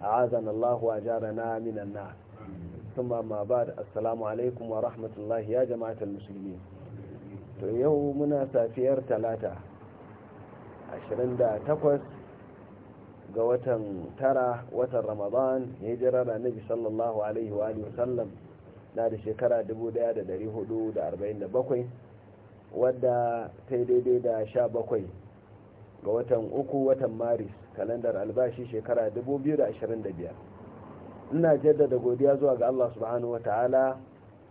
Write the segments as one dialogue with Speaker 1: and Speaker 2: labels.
Speaker 1: a'azana Allah a jarana namina na thumma ma ba'd alaikum wa rahmatullahi ya jama'atul musulmi to yau muna safiyar talata 28 ga watan tara watan ramadan hijira da nabi sallallahu alaihi wa alihi wasallam na da shekara 1447 wadda ta daidai da 17 ga watan uku watan maris kalandar albashi shekara 2025 ina jaddada godiya zuwa ga Allah subhanahu wata'ala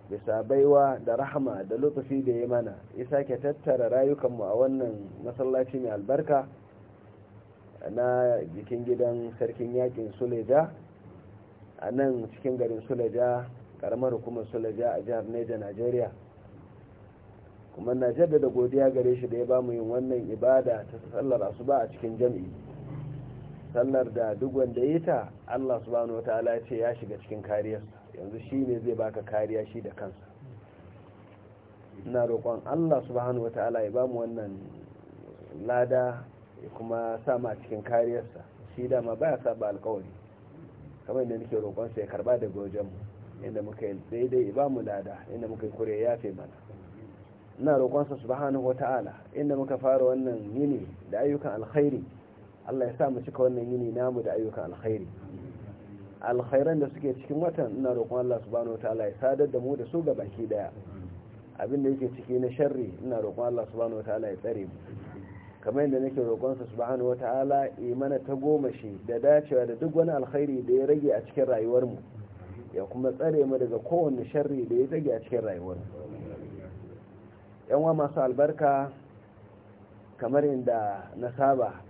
Speaker 1: bisa baiwa da rahama da lutufi da ya mana ya sake tattara rayukanmu a wannan masallaci mai albarka na jikin gidan sarkin yakin suleja a nan cikin garin suleja karamar hukumar suleja a jihar neja nigeria kuma na jaddada godiya gare shi da ya bamu yin wannan ibada ta sallar asuba a cikin jam'i sallar da duk wanda ya yi ta Allah subhanahu wataala ya ce ya shiga cikin kariyarsa yanzu shi ne zai baka kariya shi da kansa ina roƙon Allah subhanahu wataala ya bamu wannan lada ya kuma sama cikin kariyarsa shi dama baya saba alkawari kamar yadda nake roƙon sa ya karba da wajen inda muka yi daidai ya bamu lada inda muka yi kure ya fi mana ina roƙon sa wa wataala inda muka fara wannan yini da ayyukan alkhairi Allah ya sa mu cika wannan yini namu da ayyukan alkhairi alkhairan da suke cikin watan ina roƙon Allah subhanahu wataala ya sadar da mu da su ga baki daya abin da yake ciki na sharri ina roƙon Allah subhanahu wataala ya tsare mu kamar yadda nake roƙon sa subhanahu wataala imana ta goma shi da dacewa da duk wani alkhairi da ya rage a cikin rayuwar mu ya kuma tsare mu daga kowanne sharri da ya rage a cikin rayuwar mu yan wa masu albarka kamar yadda na saba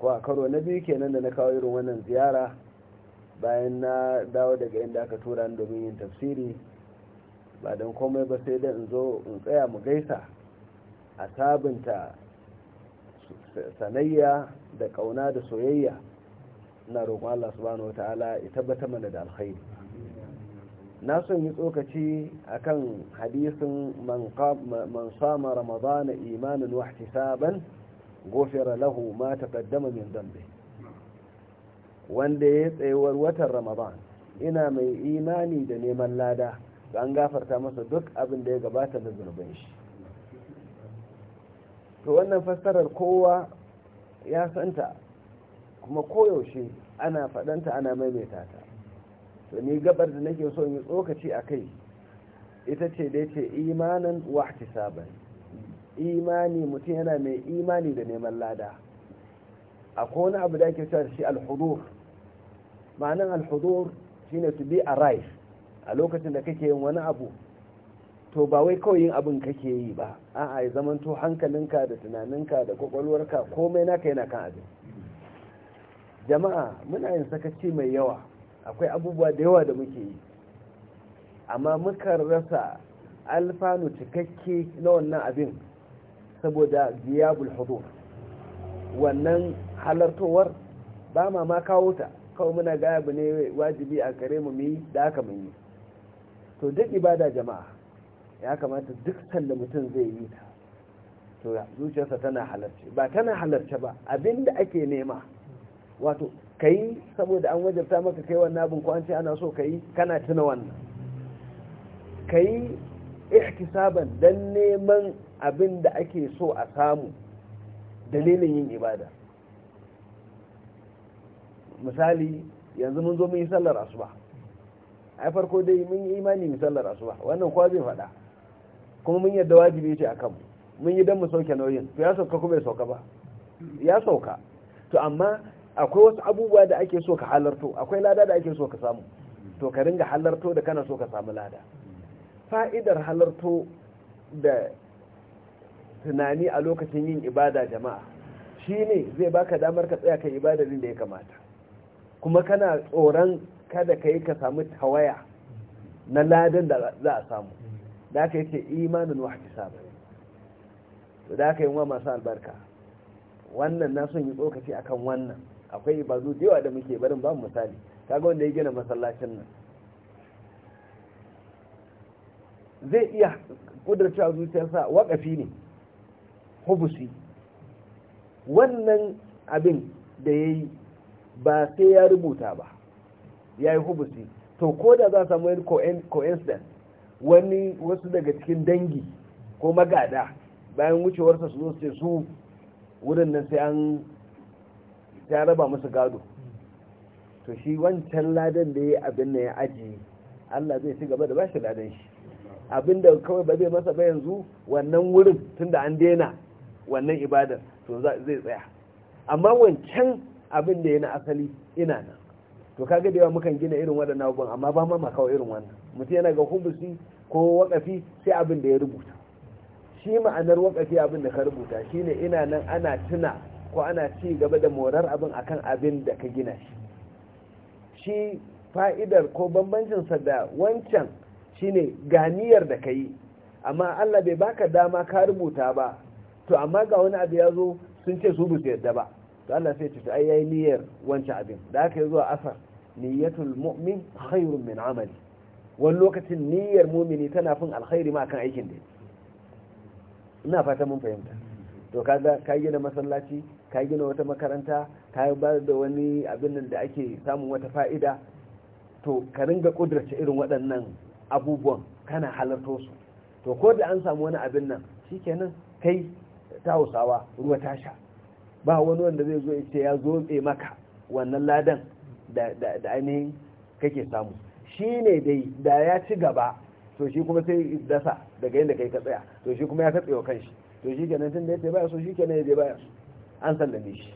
Speaker 1: ko a karo na biyu kenan da na kawo irin wannan ziyara bayan na dawo daga inda aka tura ni domin yin tafsiri ba don komai ba sai da in zo in tsaya mu gaisa a sabunta sanayya da kauna da soyayya na roƙon Allah subhanahu wata'ala ya tabbata mana da alkhairi na son yi tsokaci akan hadisin man sama ramadana imanin wahtisaban saban gofera lahu ma kaddama min dambe wanda ya tsayuwar watan ramadan ina mai imani da neman lada an gafarta masa duk abin da ya gabata da zunuban shi to wannan fassarar kowa ya santa kuma koyaushe ana faɗanta ana maimaita ta to ni gabar da nake so yi tsokaci a kai ita ce da ce imanin wahtisaban imani mutum yana mai imani da neman lada a kone abu da ke cewa shi alhudur ma'anan alhudur shine to be arrive a lokacin da kake yin wani abu to ba wai kawai yin abin kake yi ba a'a ya zamanto hankalinka da tunaninka da kwakwalwarka komai naka yana kan abin jama'a muna yin sakaci mai yawa akwai abubuwa da yawa da muke yi amma muka rasa alfanu cikakke na wannan abin saboda ziyabul hudur wannan halartowar ba ma ma kawo ta kawai muna gaya bu ne wajibi a kare mu yi da aka mun yi to duk ibada jama'a ya kamata duk sanda mutum zai yi ta to zuciyarsa tana halarce ba tana halarci ba abinda ake nema wato kai saboda an wajabta maka kai wannan abin ko an ce ana so kai kana tuna wannan kai ihtisaban dan neman abin da ake so a samu dalilin yin ibada misali yanzu mun zo mun yi sallar asuba a farko dai mun yi imani mun sallar asuba wannan kwa zai faɗa kuma mun yadda wajibi ce a mun yi don mu sauke nauyin to ya sauka kuma ya sauka ba ya sauka to amma akwai wasu abubuwa da ake so ka halarto akwai lada da ake so ka samu to ka ringa halarto da kana so ka samu lada fa'idar halarto da tunani a lokacin yin ibada jama'a shi ne zai baka damar ka tsaya kan ibada da ya kamata kuma kana tsoron kada ka yi ka samu tawaya na ladan da za a samu da aka yi ce imanin ba. To da aka yi wa masu albarka wannan na son yi tsokaci akan wannan akwai ibadu da yawa da muke barin ba misali kaga wanda ya gina masallacin nan zai iya kudurcewa a zuciyarsa wakafi ne hubusi wannan abin da ya yi ba sai ya rubuta ba ya yi hubusi to ko da za samu yin coincidence wani wasu daga cikin dangi ko magada bayan wucewarsa su zo su su wurin nan sai an ya raba musu gado to shi wancan ladan da ya abin na ya aji Allah zai ci gaba da bashi ladan shi abinda kawai ba zai masa ba yanzu wannan wurin tunda an daina wannan ibadar to zai tsaya amma wancan abin da yana asali ina nan to kaga da yawa mukan gina irin waɗannan abubuwan amma ba ma kawo irin wannan mutum yana ga hubusi ko wakafi sai abin da ya rubuta shi ma'anar wakafi abin da ka rubuta shine ina nan ana tuna ko ana ci gaba da morar abin akan abin da ka gina shi shi fa'idar ko bambancinsa da wancan shine ganiyar da ka yi amma Allah bai baka dama ka rubuta ba to amma ga wani abu ya zo sun ce su bisu yadda ba to Allah sai ce ai yayi niyyar wancan abin da aka yi zuwa asar niyyatul mu'min khairun min amali wani lokacin niyyar mumini tana fin alkhairi ma kan aikin da ina fata mun fahimta to kaga ka gina masallaci ka gina wata makaranta ka ba da wani abin da ake samun wata fa'ida to ka ringa kudurce irin waɗannan abubuwan kana halarto su to ko da an samu wani abin nan shikenan kai ta hausawa ruwa ta sha ba wani wanda zai zo ce ya zobe maka wannan ladan da ainihin kake samu shi ne dai da ya ci gaba to shi kuma sai dasa daga yadda kai ka tsaya to shi kuma ya katse wa kanshi to shi kenan tun da ya baya so shi kenan ya je baya so an sallame shi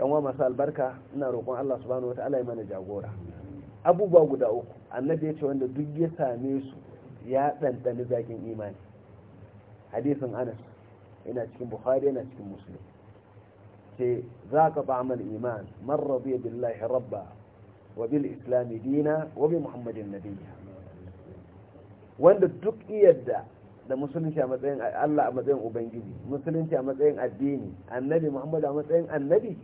Speaker 1: yan wa masu albarka ina roƙon Allah subhanahu wata'ala ya mana jagora abubuwa guda uku annabi ya ce wanda duk ya same su ya ɗanɗani zakin imani hadisin anas yana cikin bukhari yana cikin muslim ce za ka ta'amal iman man radiya billahi rabba wa bil islami dina wa bi muhammadin nabiyya wanda duk yadda da musulunci a matsayin Allah a matsayin ubangiji musulunci a matsayin addini annabi muhammad a matsayin annabi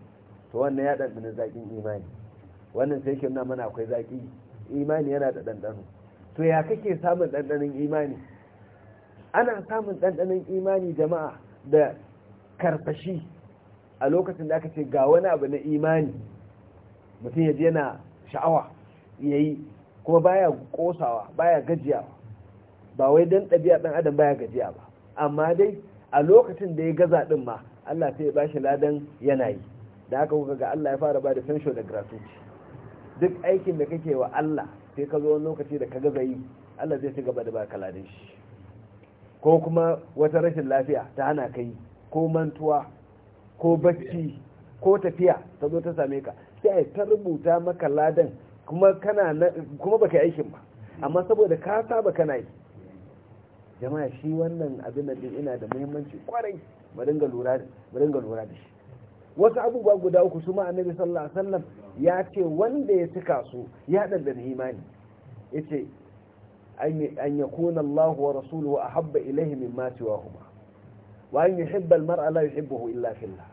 Speaker 1: to wannan ya ɗanɗana zaƙin imani wannan sai shi mana akwai zaki, imani yana da ɗanɗano to ya kake samun ɗanɗanon imani ana samun ɗanɗanon imani jama'a da karfashi a lokacin da aka ce ga wani abu na imani mutum ya yana sha'awa ya yi kuma baya kosawa baya gajiyawa ba wai don ɗabi'a ɗan adam baya gajiya ba amma dai a lokacin da ya gaza ɗin ma Allah sai ya ba shi ladan yana yi da haka kuka ga Allah ya fara ba da fensho da gratuity duk aikin da kake wa Allah sai ka zo wani lokaci da ka gaza yi Allah zai ci gaba da baka ladan shi ko kuma wata rashin lafiya ta hana kai ko mantuwa ko bacci ko tafiya ta zo ta same ka sai a ta rubuta maka ladan kuma kana kuma aikin ba amma saboda ka saba kana yi jama'a shi wannan abin da ina da muhimmanci kwarai mu dinga lura da shi wasu abubuwa guda uku su ma annabi sallallahu alaihi ya ce wanda ya cika su ya dandana imani yace an yakuna Allah wa rasuluhu ahabba ilayhi mimma siwahuma wa an yuhibba al-mar'a la illa fillah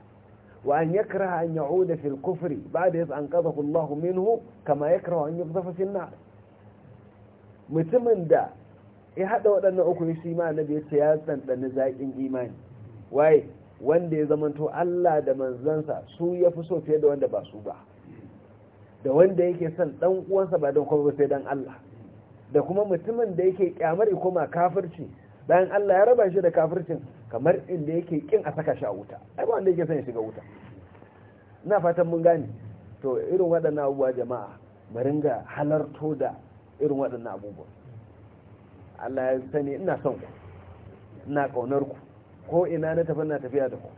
Speaker 1: wa an yakraha an ya'uda fil kufri ba'da idh anqadhahu Allah minhu kama yakrahu an yuqdhafa fil nar mutumin da ya hada waɗannan uku shi ma annabi yace ya tsantsani zakin imani waye wanda ya zamanto Allah da manzansa su ya fi so fiye da wanda ba su ba da wanda yake son dan uwansa ba don kuma sai dan Allah da kuma mutumin da yake kyamar ya koma kafirci bayan Allah ya raba shi da kafircin kamar inda yake kin a saka shi a wuta ai ba wanda yake son shiga wuta ina fatan mun gane to irin waɗannan abubuwa jama'a mu ringa halarto da irin waɗannan abubuwa Allah ya sani ina son ku ina kaunar ku ko ina na tafi na tafiya da ku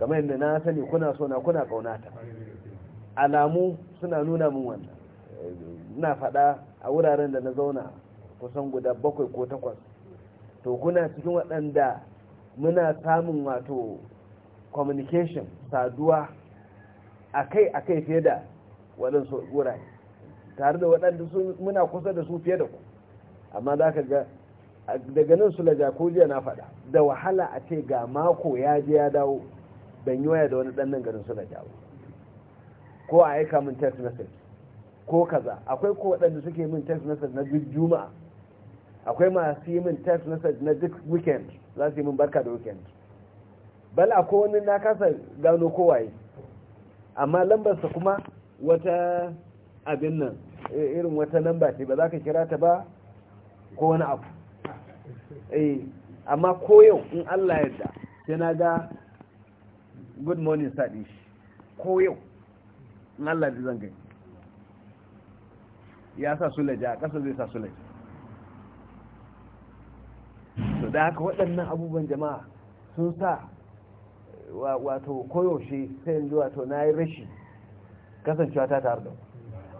Speaker 1: kamar yadda na sani kuna so na kuna kaunata alamu suna nuna min wannan ina faɗa a wuraren da na zauna kusan guda bakwai ko takwas to kuna cikin waɗanda muna samun wato communication saduwa a kai a kai fiye da waɗansu wurare tare da waɗanda muna kusa da su fiye da ku amma za ka ga daga nan su laja ko jiya na faɗa da wahala a ce ga mako ya je ya dawo ban yi waya da wani ɗan nan garin su laja ko a aika min text message ko kaza akwai ko waɗanda suke min text message na duk juma'a akwai masu yi min text message na duk weekend za su yi min barka da weekend bal akwai wani na kasa gano kowaye amma lambarsa kuma wata abin nan eh, irin wata lamba ce ba za ka kira ta ba ko wani abu eh, amma ko yau in Allah yadda sai na ga good morning sadi ko yau in Allah da zan gani ya sa su sulaja a ƙasa zai sa sulaja su da haka waɗannan abubuwan jama'a sun sa wato koyaushe sai yanzu wato na yi rashi kasancewa ta tare da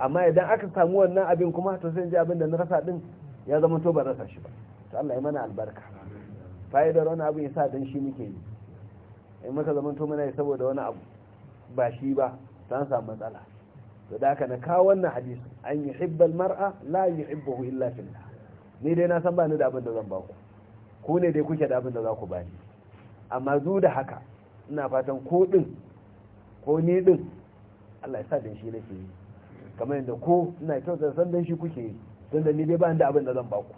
Speaker 1: amma idan aka samu wannan abin kuma to sai yanzu abin da na rasa ɗin ya zama to ba rasa shi ba ta Allah ya mana albarka fa'idar wani abu ya sa don shi muke yi in muka zama to mana saboda wani abu ba shi ba ta samu matsala to da haka na kawo wannan hadisi an yi hibbal mar'a la yuhibbuhu illa fillah ni dai na san ba ni da abin da zan ba ku ku ne dai kuke da abin da za ku bani amma zu da haka ina fatan ko din ko ni din Allah ya sa dan shi nake yi kamar yadda ko ina kyautar san dan shi kuke yi don da ni dai ba ni da abin da zan ba ku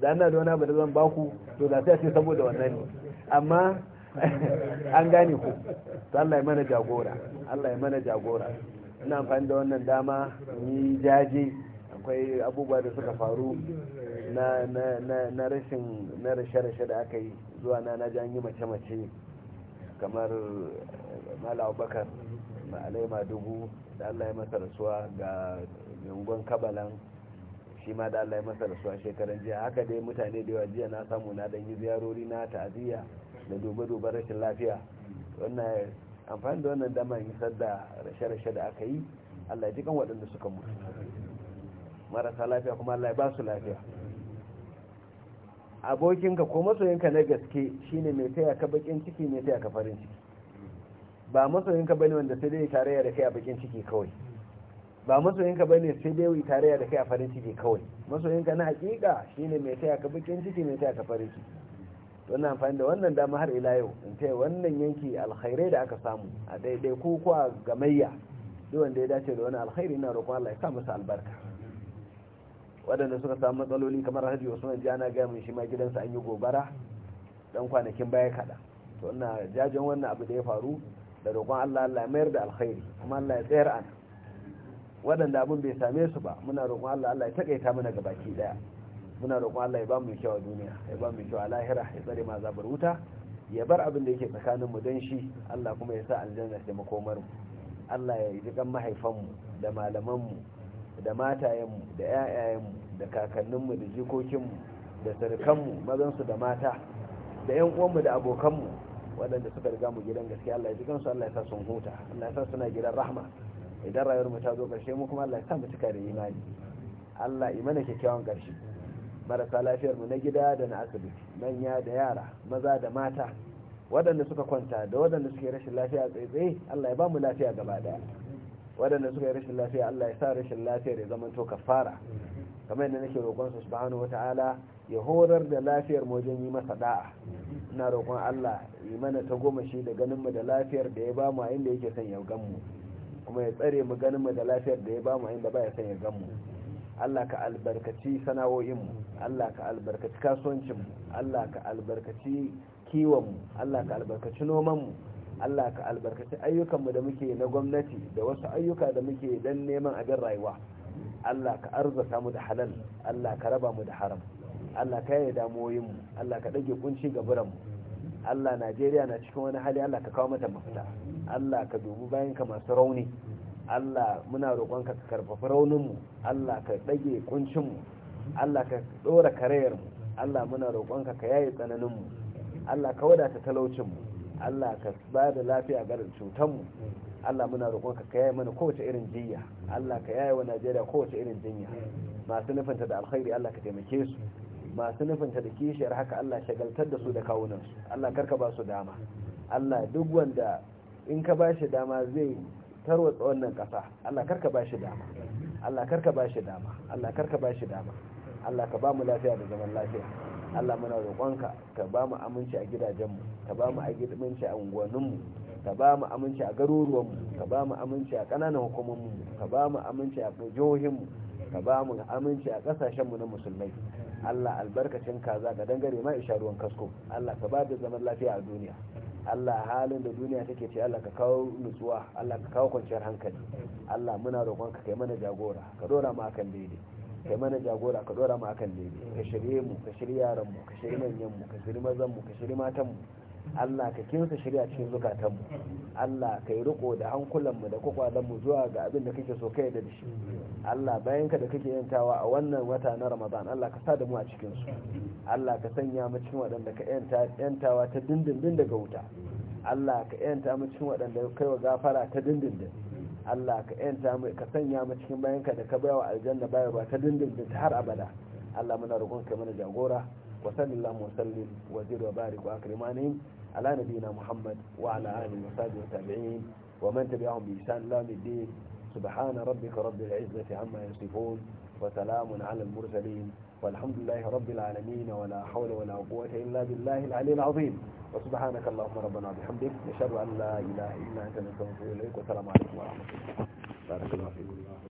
Speaker 1: da ina da wani abin da zan ba ku to da sai ce saboda wannan ne amma an gane ku to Allah ya mana jagora Allah ya mana jagora ina amfani da wannan dama yi jaje akwai abubuwa da suka faru na rashin na rashe-rashe da aka yi zuwa na na an yi mace-mace kamar mala abubakar ma'alai madugu da allah ya masa rasuwa ga yungon kabalan shi ma da allah ya masa rasuwa shekaran jiya haka dai mutane da yawa jiya na samu na dan ziyarori na ta'aziyya da dube-dube rashin lafiya wannan amfani da wannan dama isar da rashe-rashe da aka yi allah ji kan waɗanda suka mutu marasa lafiya kuma allah ba su lafiya abokinka ko masoyinka na gaske shine mai taya ka bakin ciki mai taya ka farin ciki ba masoyinka bane wanda sai dai tarayya da kai a bakin ciki kawai ba masoyinka bane sai dai tarayya da kai a farin ciki kawai masoyinka na hakika shine mai taya ka bakin ciki mai taya ka farin ciki wannan amfani da wannan dama har ila yau in ce wannan yanki alkhairai da aka samu a daidai ko kuwa gamayya duk wanda ya dace da wani alkhairi na roƙon Allah ya sa masa albarka waɗanda suka samu matsaloli kamar hajji wasu wani ana gaya mun shi ma gidansa an yi gobara dan kwanakin baya kaɗa to wannan jajen wannan abu da ya faru da roƙon Allah Allah ya mayar da alkhairi kuma Allah ya tsayar an, waɗanda abin bai same su ba muna roƙon Allah Allah ya taƙaita mana gabaki ɗaya muna roƙon Allah ya ba mu kyau a duniya ya ba mu kyau a lahira ya tsare ma zabar wuta ya bar abin da yake tsakanin mu dan shi Allah kuma ya sa aljanna ta makomar mu Allah ya yi kan mahaifan mu da malaman mu da matayen mu da ƴaƴayen mu da kakannin mu da jikokin mu da sarkan mu mazan su da mata da ƴan uwan mu da abokan mu waɗanda suka riga mu gidan gaskiya Allah ya ji kansu Allah ya sa sun huta Allah ya sa suna gidan rahma idan rayuwar mu ta zo ƙarshe mu kuma Allah ya sa mu cika da imani Allah imana kyakkyawan ƙarshe marasa mu na gida da na asibiti manya da yara maza da mata waɗanda suka kwanta da waɗanda suke rashin lafiya tsaitsaye Allah ya ba mu lafiya gaba daya waɗanda suka yi rashin lafiya Allah ya sa rashin lafiyar ya zama to kafara kamar yadda nake roƙon su subhanahu wata'ala ya horar da lafiyar mu wajen yi masa da'a ina roƙon Allah yi mana ta goma shi da ganin mu da lafiyar da ya ba mu a inda yake son ya gan mu kuma ya tsare mu ganin mu da lafiyar da ya ba mu a inda ba ya son ya gan mu Allah ka albarkaci sana'o'inmu Allah ka albarkaci kasuwancinmu Allah ka albarkaci mu. Allah ka albarkaci nomanmu Allah ka albarkaci ayyukanmu da muke na gwamnati da wasu ayyuka da muke dan neman abin rayuwa Allah ka arzata mu da halal Allah ka raba mu da haram Allah ka yi damuwoyinmu Allah ka ɗage kunci ga biranmu Allah Najeriya na cikin wani hali Allah ka kawo mata mafita Allah ka dubi bayanka masu rauni Allah muna roƙonka ka karfafa rauninmu Allah ka ɗage kuncinmu Allah ka ɗora karayarmu Allah muna roƙonka ka yaye tsananinmu Allah ka wadata talaucinmu Allah ka ba da lafiya ga cutanmu Allah muna roƙonka ka yaye mana kowace irin jinya Allah ka yaye wa Najeriya kowace irin jinya masu nufinta da alkhairi Allah ka taimake su masu nufinta da kishiyar haka Allah shagaltar da su da kawunansu Allah karka ba su dama Allah duk wanda in ka ba shi dama zai tarwatsa wannan ƙasa Allah karka ba shi dama Allah karka ba shi dama Allah karka ba shi dama Allah ka ba mu lafiya da zaman lafiya Allah muna roƙonka ka ba mu aminci a gidajenmu ka ba mu aminci a unguwanninmu ka ba mu aminci a garuruwanmu ka ba mu aminci a ƙananan hukumanmu ka ba mu aminci a jihohinmu ka ba mu aminci a ƙasashenmu na musulmai Allah albarkacin kaza ga dangare ma isharuwan kasko Allah ka ba da zaman lafiya a duniya Allah halin da duniya take ce Allah ka kawo nutsuwa Allah ka kawo kwanciyar hankali Allah muna roƙon ka kai mana jagora ka dora mu akan daidai kai mana jagora ka dora mu akan daidai ka shirye mu ka shirye yaran mu ka shirye manyan mu ka shirye mazan mu ka shirye matan mu Allah ka kinsa shirya cikin zukatanmu Allah ka yi riko da hankulanmu da kwakwalanmu zuwa ga abin da kake so kai da shi Allah bayan ka da kake yantawa a wannan wata na Ramadan Allah ka sa mu a cikin su Allah ka sanya mu cikin waɗanda ka yantawa ta dindindin daga wuta Allah ka yanta mu cikin waɗanda kai wa gafara ta dindindin Allah ka yanta mu ka sanya mu cikin bayan ka da ka bayar wa aljanna bayarwa ta dindindin ta har abada Allah muna roƙon kai mana jagora وصل اللهم وسلم وزد وبارك واكرم عليهم على نبينا محمد وعلى اله وصحبه والتابعين ومن تبعهم باحسان الى الدين سبحان ربك رب العزه عما يصفون وسلام على المرسلين والحمد لله رب العالمين ولا حول ولا قوه الا بالله العلي العظيم وسبحانك اللهم ربنا وبحمدك نشهد ان لا اله الا انت نستغفرك اليك والسلام عليكم ورحمه الله بارك الله فيكم